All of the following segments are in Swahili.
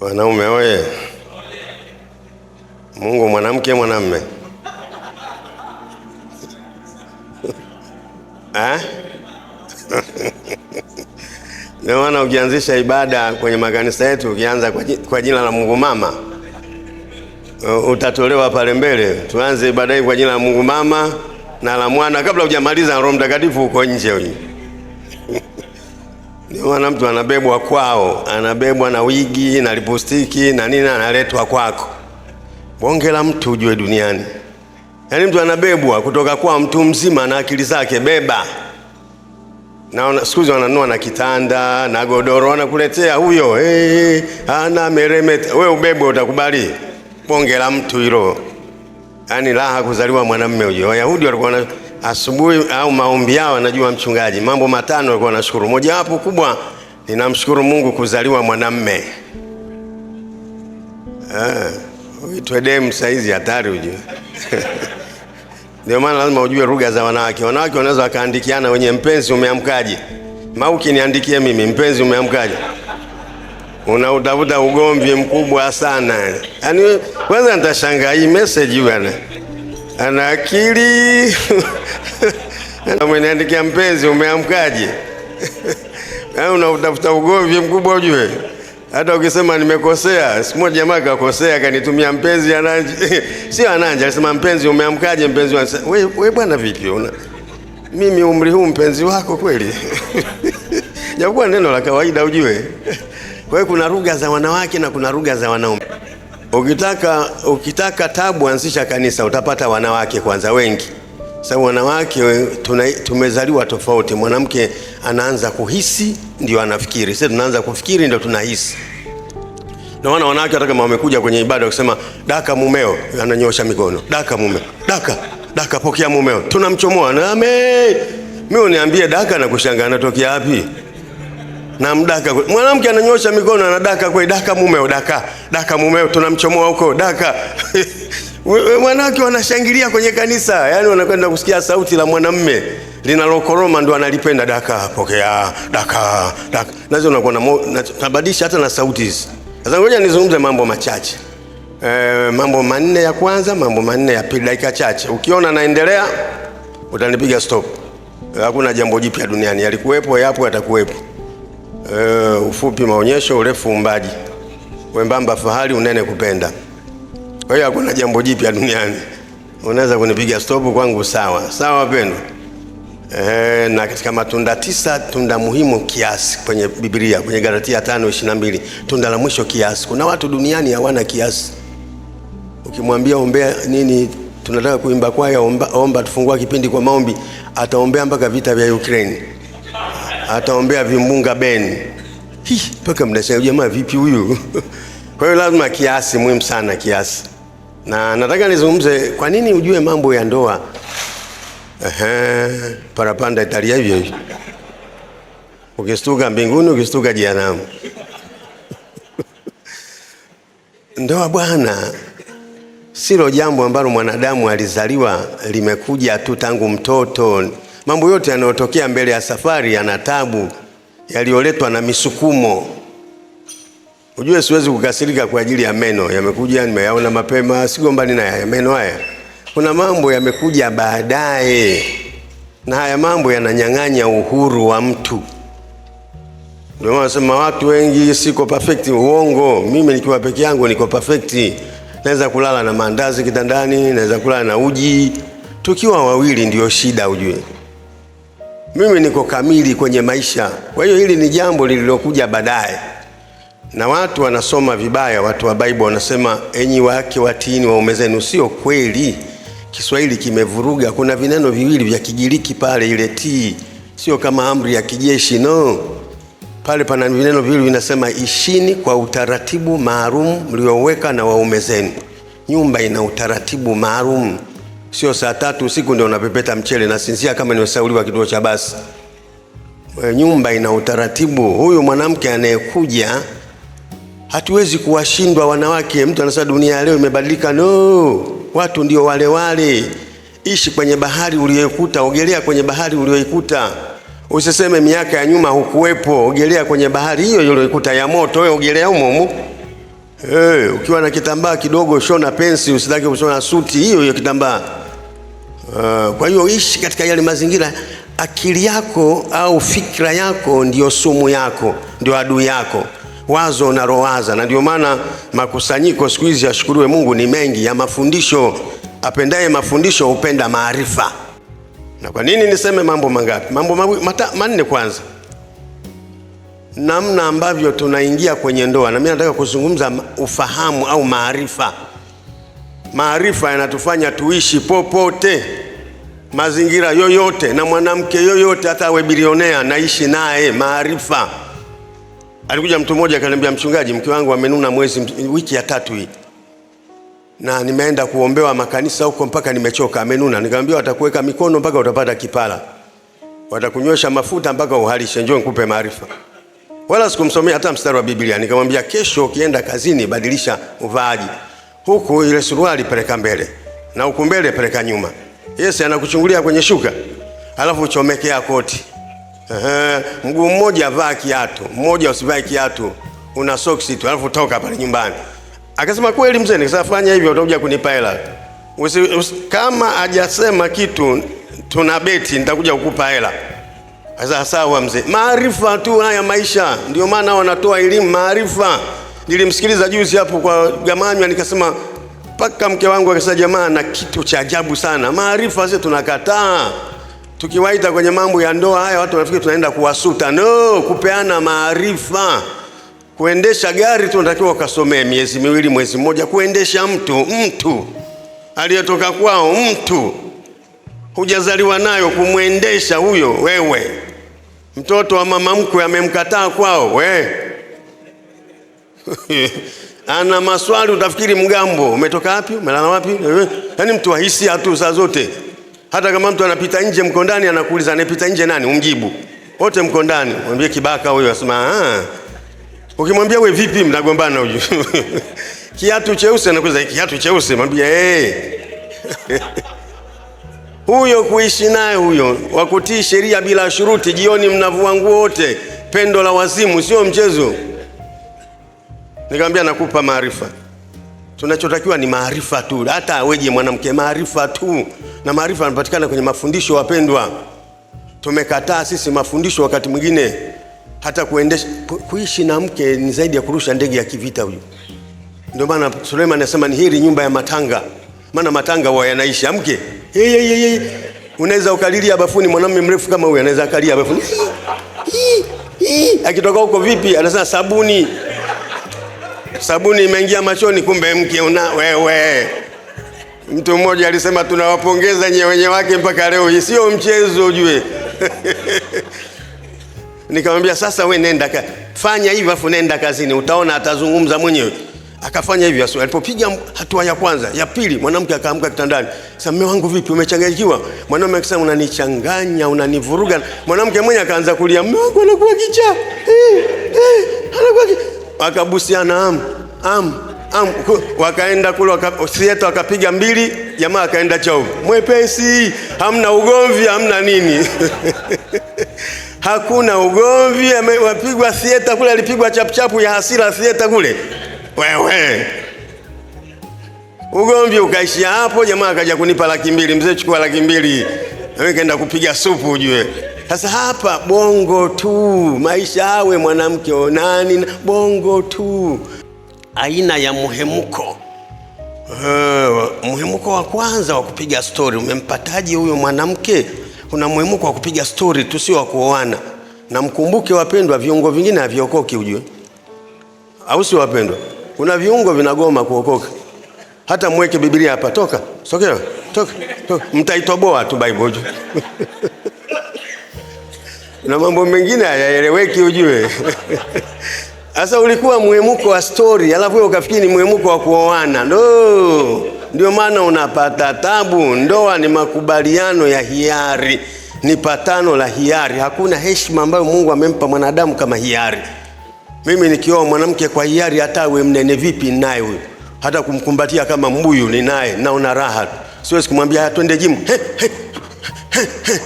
Wanaume oye! Mungu mwanamke, mwanamme eh? ndio maana ukianzisha ibada kwenye makanisa yetu, ukianza kwa jina la Mungu Mama, utatolewa pale mbele. Tuanze ibada hii kwa jina la Mungu Mama na la Mwana, kabla hujamaliza Roho Mtakatifu uko nje wana mtu anabebwa kwao, anabebwa na wigi na lipostiki na nini, analetwa kwako. Bonge la mtu ujue duniani, yaani mtu anabebwa kutoka kwa mtu mzima na akili zake beba na siku hizi wananua na kitanda na godoro wanakuletea huyo. Hey, ana meremeta, we ubebwe, utakubali? Bonge la mtu hilo, yaani raha kuzaliwa mwanamume huyo. Wayahudi walikuwa na asubuhi au maombi yao, anajua mchungaji mambo matano alikuwa anashukuru. Mojawapo kubwa, ninamshukuru Mungu kuzaliwa mwanamme. Eh, Uitwe demu saizi hatari, ujue ndio maana lazima ujue lugha za wanawake. Wanawake wanaweza wakaandikiana wenye mpenzi umeamkaje, mauki niandikie mimi mpenzi umeamkaje, unautafuta ugomvi mkubwa sana. yani. kwanza nitashangaa hii message bwana ana akili ameniandikia mpenzi, umeamkaje? Yaani unatafuta ugomvi mkubwa ujue. Hata ukisema nimekosea, siku moja jamaa kakosea, akanitumia mpenzi ananje, sio ananje, alisema mpenzi, umeamkaje? Mpenzi wangu wewe, we bwana, vipi una mimi umri huu mpenzi wako kweli? Japokuwa neno la kawaida ujue. Kwa hiyo kuna lugha za wanawake na kuna lugha za wanaume. Ukitaka ukitaka tabu, anzisha kanisa, utapata wanawake kwanza wengi, sababu wanawake tuna, tumezaliwa tofauti. Mwanamke anaanza kuhisi ndio anafikiri, sisi tunaanza kufikiri ndio tunahisi. Ndio maana wanawake hata kama wamekuja kwenye ibada wakisema daka mumeo, ananyosha mikono, daka mumeo, daka daka, pokea mumeo, tunamchomoa na amen. Mimi uniambie daka na kushangaa anatokea wapi? na mdaka. Mwanamke ananyosha mikono anadaka kwe, daka mumeo, daka daka mumeo, tunamchomoa huko daka mwanamke wanashangilia kwenye kanisa, yani wanakwenda kusikia sauti la mwanamme linalokoroma ndo analipenda daka, pokea daka daka, nazo unakuwa nabadilisha hata na sauti hizi. Sasa ngoja nizungumze mambo machache e, mambo manne ya kwanza, mambo manne ya pili, dakika chache. Ukiona naendelea utanipiga stop. Hakuna jambo jipya duniani, yalikuwepo, yapo, yatakuwepo. Uh, ufupi maonyesho, urefu umbaji, wembamba fahari, unene kupenda. Kwa hiyo hakuna jambo jipya duniani. Unaweza kunipiga stopu kwangu, sawa sawa wapendwa. E, na katika matunda tisa, tunda muhimu kiasi kwenye Biblia, kwenye Galatia mbili tunda la mwisho kiasi. Kuna watu duniani hawana kiasi. Ukimwambia ombea nini, tunataka kuimba kwaya, omba, omba tufungua kipindi kwa maombi, ataombea mpaka vita vya Ukraine ataombea vimbunga Beni. Mpaka mnasema jamaa, vipi huyu? Kwa hiyo lazima kiasi, muhimu sana kiasi. Na nataka nizungumze kwa nini ujue mambo ya ndoa. Ehe, parapanda italia hivyo hivyo, ukistuka mbinguni, ukistuka jianamu Ndoa bwana, silo jambo ambalo mwanadamu alizaliwa limekuja tu tangu mtoto Mambo yote yanayotokea mbele ya safari yana tabu yaliyoletwa na misukumo. Ujue siwezi kukasirika kwa ajili ya meno, yamekuja nimeyaona mapema, sigombani na haya meno haya. Kuna mambo yamekuja baadaye, na haya mambo yananyang'anya uhuru wa mtu. Ndio maana nasema watu wengi siko perfect, uongo. Mimi nikiwa peke yangu niko perfect, naweza kulala na maandazi kitandani, naweza kulala na uji. Tukiwa wawili ndiyo shida, ujue mimi niko kamili kwenye maisha. Kwa hiyo hili ni jambo lililokuja baadaye, na watu wanasoma vibaya. Watu wa Biblia wanasema enyi wake watiini waume zenu. Sio kweli, Kiswahili kimevuruga. Kuna vineno viwili vya Kigiriki pale, ile tii sio kama amri ya kijeshi no. Pale pana vineno viwili vinasema, ishini kwa utaratibu maalum mlioweka na waume zenu. Nyumba ina utaratibu maalum sio saa tatu usiku ndio unapepeta mchele na sinzia kama nimesauliwa kituo cha basi. Eh, nyumba ina utaratibu. Huyu mwanamke anayekuja hatuwezi kuwashindwa wanawake. Mtu anasema dunia leo imebadilika. No, watu ndio wale wale. Ishi kwenye bahari uliyoikuta, ogelea kwenye bahari uliyoikuta. Usiseme miaka ya nyuma hukuwepo. Ogelea kwenye bahari hiyo uliyoikuta ya moto, wewe ogelea humo humo. Hey, eh, ukiwa na kitambaa kidogo shona pensi, usitaki kushona suti hiyo hiyo kitambaa. Eh, kwa hiyo ishi katika yale mazingira. Akili yako au fikra yako ndiyo sumu yako, ndio adui yako, wazo unalowaza. Na ndio maana makusanyiko siku hizi, ashukuriwe Mungu, ni mengi ya mafundisho. Apendaye mafundisho hupenda maarifa. Na kwa nini niseme mambo mangapi? Mambo manne. Kwanza, namna ambavyo tunaingia kwenye ndoa, na mimi nataka kuzungumza ufahamu au maarifa Maarifa yanatufanya tuishi popote, mazingira yoyote, na mwanamke yoyote, hata awe bilionea, naishi naye maarifa. Alikuja mtu mmoja akaniambia, mchungaji, mke wangu amenuna mwezi, wiki ya tatu hii, na nimeenda kuombewa makanisa huko mpaka nimechoka, amenuna. Nikamwambia, watakuweka mikono mpaka utapata kipara, watakunywesha mafuta mpaka uhalishe. Njoo nikupe maarifa. Wala sikumsomea hata mstari wa Biblia. Nikamwambia, kesho ukienda kazini, badilisha uvaaji huku ile suruali peleka mbele na huku mbele peleka nyuma. Yesu anakuchungulia kwenye shuka, alafu uchomekea koti. Ehe, mguu mmoja vaa kiatu, mmoja usivae kiatu, una soksi tu, alafu toka pale nyumbani. Akasema kweli mzee, nikisafanya hivyo utakuja kunipa hela. Kama ajasema kitu, tuna beti, nitakuja kukupa hela. Sasa sawa mzee, maarifa tu haya maisha, ndio maana wanatoa elimu maarifa Nilimsikiliza juzi hapo kwa Gamanywa, nikasema mpaka mke wangu akasema, jamaa na kitu cha ajabu sana, maarifa sisi tunakataa tukiwaita kwenye mambo ya ndoa haya, watu wanafikiri tunaenda kuwasuta. No, kupeana maarifa. Kuendesha gari tunatakiwa ukasomee miezi miwili, mwezi mmoja. Kuendesha mtu mtu aliyetoka kwao, mtu hujazaliwa nayo, kumwendesha huyo. Wewe mtoto wa mama mkwe amemkataa kwao, wewe. ana maswali utafikiri mgambo umetoka wapi, umelala wapi? Yaani mtu ahisia tu saa zote, hata kama mtu anapita nje, mko ndani, anakuuliza anapita nje nani, umjibu wote mko ndani, mwambie kibaka huyo, asema ah. Ukimwambia we vipi, mnagombana huyu kiatu cheusi, anakuuliza kiatu cheusi, mwambie hey. Eh. huyo kuishi naye huyo, wakutii sheria bila shuruti, jioni mnavua nguo wote, pendo la wazimu, sio mchezo. Nikamwambia nakupa maarifa. Tunachotakiwa ni maarifa tu, hata weje mwanamke, maarifa tu, na maarifa yanapatikana kwenye mafundisho. Wapendwa, tumekataa sisi mafundisho, wakati mwingine hata kuendesha. Kuishi na mke ni zaidi ya kurusha ndege ya kivita. Huyu ndio maana Suleiman anasema ni hili nyumba ya matanga, maana matanga huwa yanaishi mke. Unaweza ukalilia bafuni, mwanamume mrefu kama huyu anaweza akalia bafuni, akitoka huko vipi? Anasema sabuni sabuni imeingia machoni, kumbe mke una wewe. Mtu mmoja alisema tunawapongeza nyewe wenye wake mpaka leo hii, sio mchezo ujue. Nikamwambia sasa, we nenda ka fanya hivyo, afu nenda kazini, utaona atazungumza mwenyewe. Akafanya hivyo asubuhi. Alipopiga hatua ya kwanza, ya pili, mwanamke akaamka kitandani. Sasa mume wangu vipi, umechanganyikiwa? Mwanaume akisema unanichanganya, unanivuruga. Mwanamke mwenyewe akaanza kulia, mume wangu anakuwa kichaa, eh, eh, anakuwa kichaa na amu amu amu, wakaenda kule waka, sieta wakapiga mbili, jamaa akaenda chovu mwepesi, hamna ugomvi, hamna nini hakuna ugomvi, wapigwa sieta kule, alipigwa chapuchapu ya hasira sieta kule, wewe ugomvi ukaishia hapo. Jamaa akaja kunipa laki mbili, mzee, chukua laki mbili, kaenda kupiga supu ujue. Sasa hapa bongo tu, maisha awe mwanamke onani, bongo tu, aina ya muhemuko uh, muhemuko wa kwanza wa kupiga stori. Umempataje huyo mwanamke? Kuna muhemuko wa kupiga stori tu, sio wa kuoana. Na mkumbuke wapendwa, viungo vingine haviokoki, ujue, au sio wapendwa? Kuna viungo vinagoma kuokoka. Hata mweke Biblia hapa, toka sokea, toka, toka, mtaitoboa tu Bible na mambo mengine hayaeleweki, ujue sasa. Ulikuwa mwemuko wa stori, alafu wewe ukafikiri ni mwemuko wa kuoana. Ndo ndio maana unapata tabu. Ndoa ni makubaliano ya hiari, ni patano la hiari. Hakuna heshima ambayo Mungu amempa mwanadamu kama hiari. Mimi nikioa mwanamke kwa hiari, hata awe mnene vipi, ninaye huyo, hata kumkumbatia kama mbuyu ninaye, naona raha. Siwezi kumwambia twende jimu,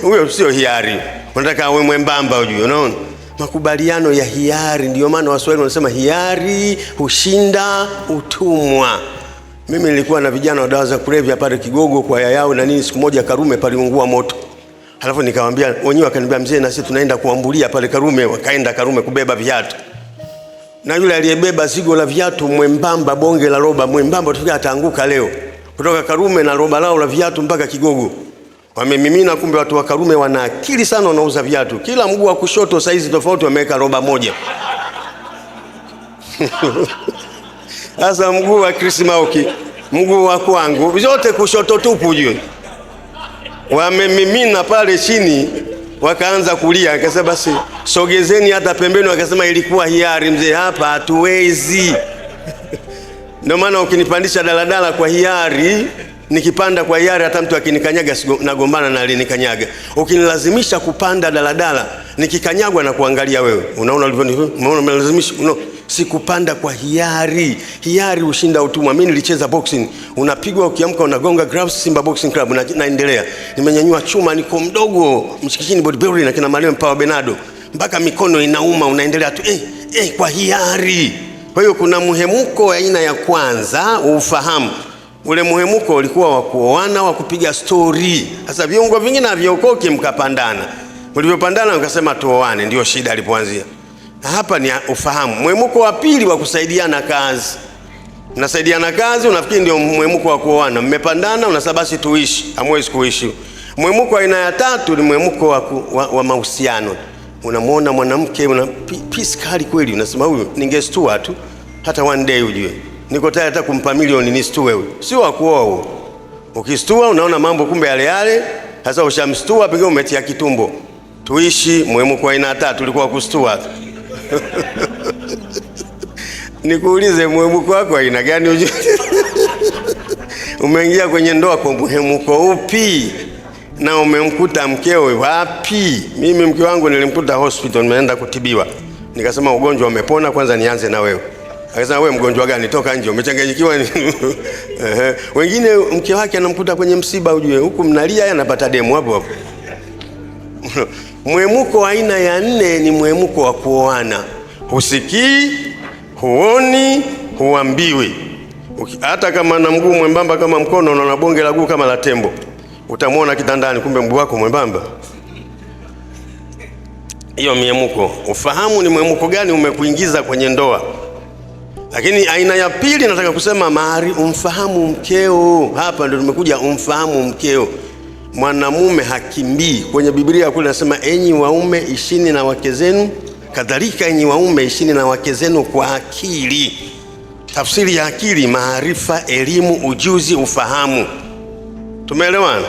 huyo sio hiari unataka awe mwembamba ujue, unaona makubaliano ya hiari. Ndio maana Waswahili wanasema hiari hushinda utumwa. Mimi nilikuwa na vijana wa dawa za kulevya pale Kigogo kwa yayao na nini, siku moja Karume paliungua moto, halafu nikawaambia wenyewe, wakaniambia mzee, na sisi tunaenda kuambulia pale Karume. Wakaenda Karume kubeba viatu, na yule aliyebeba zigo la viatu mwembamba, bonge la roba mwembamba, tufika ataanguka leo, kutoka Karume na roba lao la viatu mpaka Kigogo wamemimina, kumbe watu wa Karume wana akili sana, wanauza viatu kila mguu wa kushoto saizi tofauti, wameweka roba moja sasa mguu wa Krismauki, mguu wa kwangu, vyote kushoto tupu juu, wamemimina pale chini, wakaanza kulia. Akasema basi sogezeni hata pembeni, wakasema ilikuwa hiari mzee, hapa hatuwezi. Ndio maana ukinipandisha daladala kwa hiari nikipanda kwa hiari, hata mtu akinikanyaga nagombana na alinikanyaga. Ukinilazimisha kupanda daladala, nikikanyagwa na kuangalia wewe, unaona ulivyonilazimisha. No, sikupanda kwa hiari. Hiari ushinda utumwa. Mimi nilicheza boxing, unapigwa ukiamka, unagonga gloves. Simba Boxing Club na, naendelea, nimenyanyua chuma, niko mdogo, mshikishini bodybuilding na kina Mario Mpawa Benado, mpaka mikono inauma, unaendelea tu eh, eh, kwa hiari. Kwa hiyo kuna mhemuko aina ya kwanza, ufahamu Ule muhemuko ulikuwa wa kuoana, wa kupiga stori. Sasa viungo vingine haviokoki, mkapandana. Mlivyopandana mkasema tuoane, ndio shida ilipoanzia. Na hapa ni ufahamu. Muhemuko wa pili wa kusaidiana kazi, mnasaidiana kazi, unafikiri ndio muhemuko wa kuoana. Mmepandana, unasema basi tuishi, hamwezi kuishi. Muhemuko aina ya tatu ni muhemuko wa, wa, wa mahusiano. Unamwona mwanamke una kali kweli, unasema huyu ningestua tu hata one day ujue niko tayari hata kumpa milioni nisitue huyu. Sio wa huo. Ukistua unaona mambo kumbe yale yale, sasa ushamstua pengine umetia kitumbo. Tuishi muhimu kwa aina tatu tulikuwa kustua tu. Nikuulize mhemuko wako aina gani ujue? Umeingia kwenye ndoa kwa mhemuko upi? Na umemkuta mkewe wapi? Mimi mke wangu nilimkuta hospital, nimeenda kutibiwa, nikasema ugonjwa umepona, kwanza nianze na wewe. Akasema wewe mgonjwa gani? Toka nje, umechanganyikiwa. Wengine mke wake anamkuta kwenye msiba, ujue huku mnalia, yeye anapata demu hapo hapo. Mwemuko aina ya nne ni mwemuko wa kuoana. Husikii, huoni, huambiwi. Hata kama na mguu mwembamba kama mkono, na bonge la guu kama la tembo, utamwona kitandani, kumbe mguu wako mwembamba. Hiyo miemuko. Ufahamu ni mwemuko gani umekuingiza kwenye ndoa. Lakini aina ya pili nataka kusema mahari, umfahamu mkeo. Hapa ndio tumekuja, umfahamu mkeo. Mwanamume hakimbii kwenye Biblia kule, nasema enyi waume ishini na wake zenu kadhalika, enyi waume ishini na wake zenu kwa akili. Tafsiri ya akili, maarifa, elimu, ujuzi, ufahamu. Tumeelewana?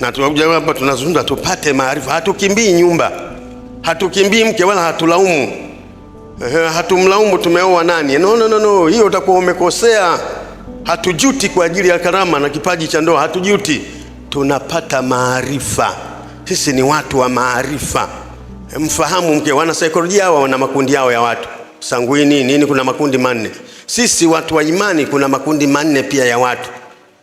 na tunakuja hapa tunazungumza tupate maarifa. Hatukimbii nyumba, hatukimbii mke, wala hatulaumu hatumlaumu tumeoa nani. No, no, no, no, hiyo utakuwa umekosea. Hatujuti kwa ajili ya karama na kipaji cha ndoa, hatujuti, tunapata maarifa. Sisi ni watu wa maarifa. Mfahamu mke. saikolojia hawa wana makundi yao ya watu sanguini nini, kuna makundi manne. Sisi watu wa imani kuna makundi manne pia ya watu.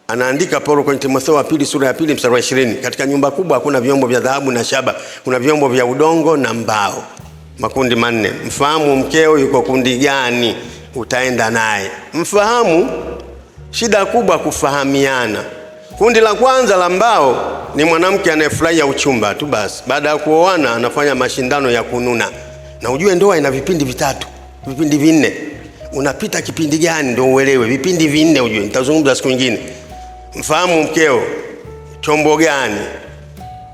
Anaandika Paulo kwenye Timotheo wa pili sura ya pili mstari wa ishirini katika nyumba kubwa hakuna vyombo vya dhahabu na shaba, kuna vyombo vya udongo na mbao makundi manne. Mfahamu mkeo yuko kundi gani, utaenda naye. Mfahamu, shida kubwa kufahamiana. Kundi la kwanza la mbao ni mwanamke anayefurahia uchumba tu basi, baada ya kuoana anafanya mashindano ya kununa, na ujue ndoa ina vipindi vitatu, vipindi vinne. Unapita kipindi gani ndio uelewe, vipindi vinne ujue. Nitazungumza siku nyingine. Mfahamu mkeo chombo gani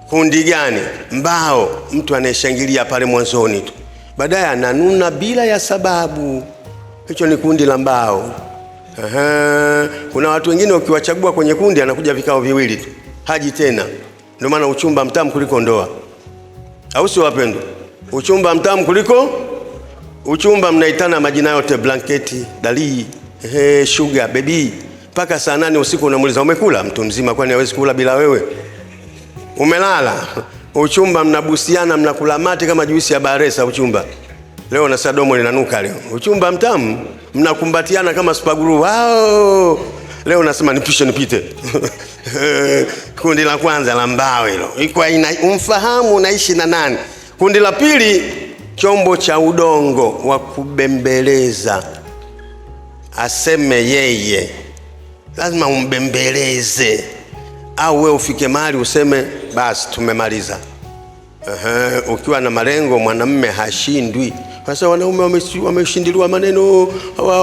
kundi gani? Mbao, mtu anayeshangilia pale mwanzoni tu, baadaye ananuna bila ya sababu. Hicho ni kundi la mbao. Aha. Kuna watu wengine ukiwachagua kwenye kundi anakuja vikao viwili tu, haji tena. Ndio maana uchumba mtamu kuliko ndoa, au sio wapendwa? Uchumba mtamu kuliko uchumba, mnaitana majina yote, blanketi, dalii, ehe, sugar baby, mpaka saa nane usiku unamuuliza umekula. Mtu mzima kwani hawezi kula bila wewe? umelala uchumba, mnabusiana mnakula mate kama juisi ya baresa uchumba. Leo na sadomo linanuka leo, uchumba mtamu, mnakumbatiana kama spaguru wao. Leo nasema nipishe nipite kundi la kwanza la mbao hilo, iko aina umfahamu, unaishi na nani? Kundi la pili, chombo cha udongo wa kubembeleza, aseme yeye, lazima umbembeleze au wewe ufike mahali useme basi tumemaliza. Aha, ukiwa na malengo mwanamme hashindwi. Sasa wanaume wameshindiliwa maneno,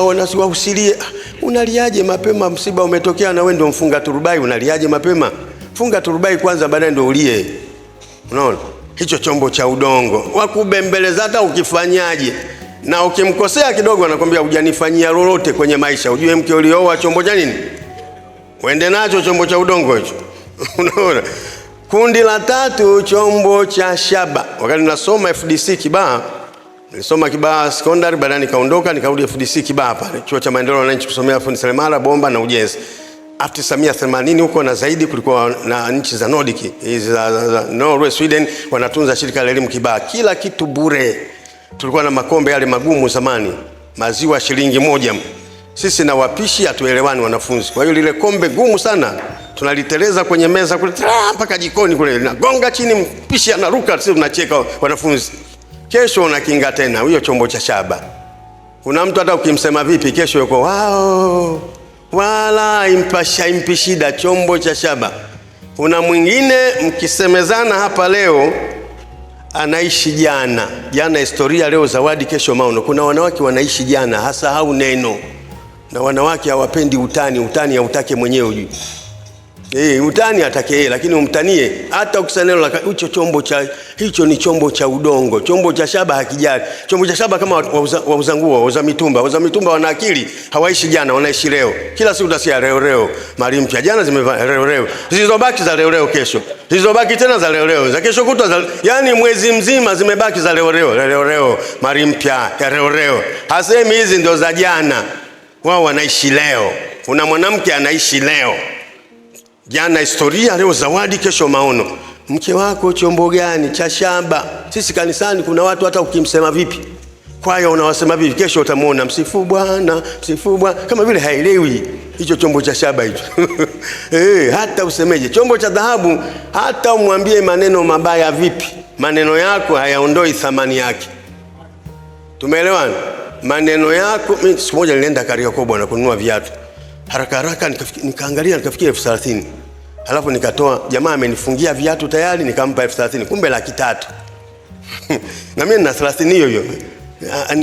wanawahusilie. Ah, unaliaje mapema? Msiba umetokea na wewe ndio mfunga turubai, unaliaje mapema? Funga turubai kwanza, baadaye ndio ulie. Unaona hicho chombo cha udongo, wakubembeleza hata ukifanyaje na ukimkosea kidogo anakwambia hujanifanyia lolote kwenye maisha. Ujue mke ulioa chombo cha nini, uende nacho chombo cha udongo hicho. Unaona? Kundi la tatu, chombo cha shaba. Wakati nasoma FDC kibaa nilisoma kibaa Sekondari, baadaye nikaondoka nikarudi FDC kibaa pale chuo cha maendeleo wananchi kusomea fundi seremala, bomba na ujenzi. After samia 80 huko na zaidi kulikuwa na nchi za Nordic hizi za Norway, Sweden wanatunza shirika la elimu kibaa kila kitu bure. Tulikuwa na makombe yale magumu zamani, maziwa shilingi moja. Sisi na wapishi hatuelewani wanafunzi, kwa hiyo lile kombe gumu sana tunaliteleza kwenye meza kule mpaka jikoni kule, linagonga chini, mpishi anaruka, sisi tunacheka wanafunzi. Kesho unakinga tena hiyo chombo cha shaba. Kuna mtu hata ukimsema vipi, kesho yuko wao, wala impasha impishida shida chombo cha shaba. Kuna mwingine mkisemezana hapa leo anaishi jana, jana historia, leo zawadi, kesho maono. Kuna wanawake wanaishi jana, hasahau neno, na wanawake hawapendi utani. Utani hautake mwenyewe, ujui. Eh, mtani atake yeye lakini umtanie hata ukisaneno la hicho chombo cha hicho ni chombo cha udongo, chombo cha shaba hakijali. Chombo cha shaba kama wauza nguo, wauza mitumba. Wauza mitumba wana akili, hawaishi jana, wanaishi leo. Kila siku utasikia leo leo, mali mpya. Jana zimevaa leo leo, zilizobaki za leo leo, kesho zilizobaki tena za leo leo, za kesho kutwa za, yani mwezi mzima zimebaki za leo leo, leo leo, mali mpya ya leo leo. Hasemi hizi ndio za jana, wao wanaishi leo. Kuna mwanamke anaishi leo jana historia, leo zawadi, kesho maono. Mke wako chombo gani cha shaba? Sisi kanisani kuna watu hata ukimsema vipi kwaya unawasema vipi, kesho utamwona msifu Bwana, msifu Bwana, kama vile haelewi hicho chombo cha shaba hicho. Eh, hata usemeje chombo cha dhahabu, hata umwambie maneno mabaya vipi, maneno yako hayaondoi thamani yake. Tumeelewana? Maneno yako. Mimi siku moja nilienda Kariakoo bwana kununua viatu haraka haraka nikaangalia nikafikia elfu thelathini halafu nikatoa, jamaa amenifungia viatu tayari, nikampa elfu thelathini kumbe laki tatu na mimi na thelathini hiyo hiyo.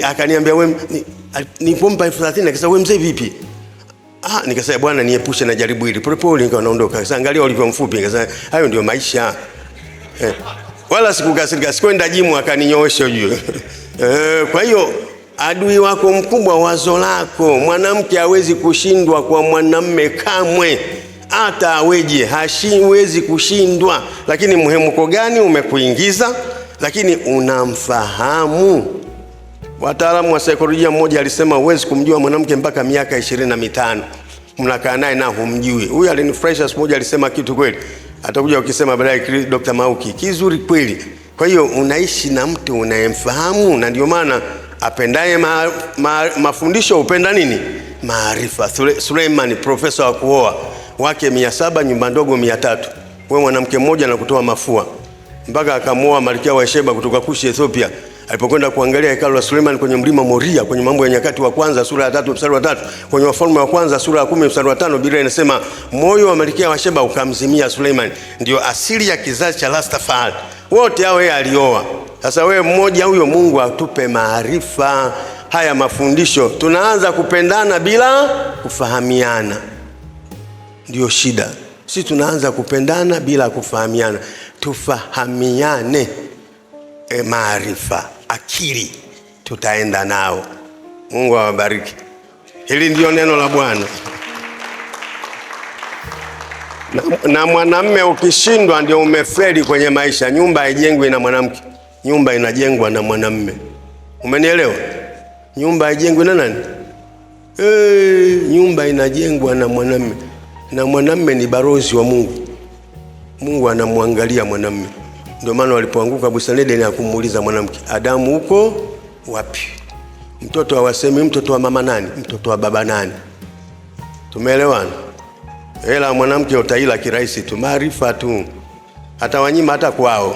Akaniambia wewe, nilipompa elfu thelathini akasema wewe mzee vipi? Ah, nikasema bwana, niepushe na jaribu hili. Pole pole nikawa naondoka. Sasa angalia ulivyo mfupi, nikasema hayo ndio maisha eh. Wala sikukasirika, sikwenda jimu akaninyoosha juu eh, kwa hiyo Adui wako mkubwa wazo lako. Mwanamke hawezi kushindwa kwa mwanamme kamwe, hata aweje, hashiwezi kushindwa. Lakini mhemko gani umekuingiza? Lakini unamfahamu? Wataalamu wa saikolojia mmoja alisema huwezi kumjua mwanamke mpaka miaka ishirini na mitano mnakaa naye na humjui. Huyu alinifurahisha, siku moja alisema kitu kweli, atakuja ukisema baadaye, Dr. Mauki, kizuri kweli. Kwa hiyo unaishi na mtu unayemfahamu, na ndio maana apendaye ma, ma, mafundisho hupenda nini? Maarifa. Suleiman profesa wa kuoa wake mia saba nyumba ndogo mia tatu we mwanamke mmoja na kutoa mafua mpaka akamwoa malkia wa Sheba kutoka Kushi Ethiopia, alipokwenda kuangalia hekalu la Suleiman kwenye mlima Moria, kwenye Mambo ya Nyakati wa kwanza sura ya tatu mstari wa tatu kwenye Wafalme wa kwanza sura ya kumi mstari wa tano Biblia inasema moyo wa malkia wa Sheba ukamzimia Suleiman. Ndio asili ya kizazi cha Rastafari, wote hao yeye alioa sasa wewe mmoja huyo, Mungu atupe maarifa haya mafundisho. Tunaanza kupendana bila kufahamiana, ndio shida. Si tunaanza kupendana bila kufahamiana, tufahamiane. E, maarifa, akili, tutaenda nao. Mungu awabariki. Hili ndio neno la Bwana. Na, na mwanamme ukishindwa ndio umefeli kwenye maisha. Nyumba haijengwi na mwanamke nyumba inajengwa na mwanamme. Umenielewa? Nyumba haijengwi na nani? Hey, eh, nyumba inajengwa na mwanamme, na mwanamme ni barozi wa Mungu. Mungu anamwangalia mwanamme. Ndio maana walipoanguka bustani Edeni akumuuliza mwanamke, Adamu huko wapi? Mtoto hawasemi wa mtoto wa mama nani, mtoto wa baba nani? Tumeelewana? Hela mwanamke utaila kirahisi tu, maarifa tu, wanyima hata kwao.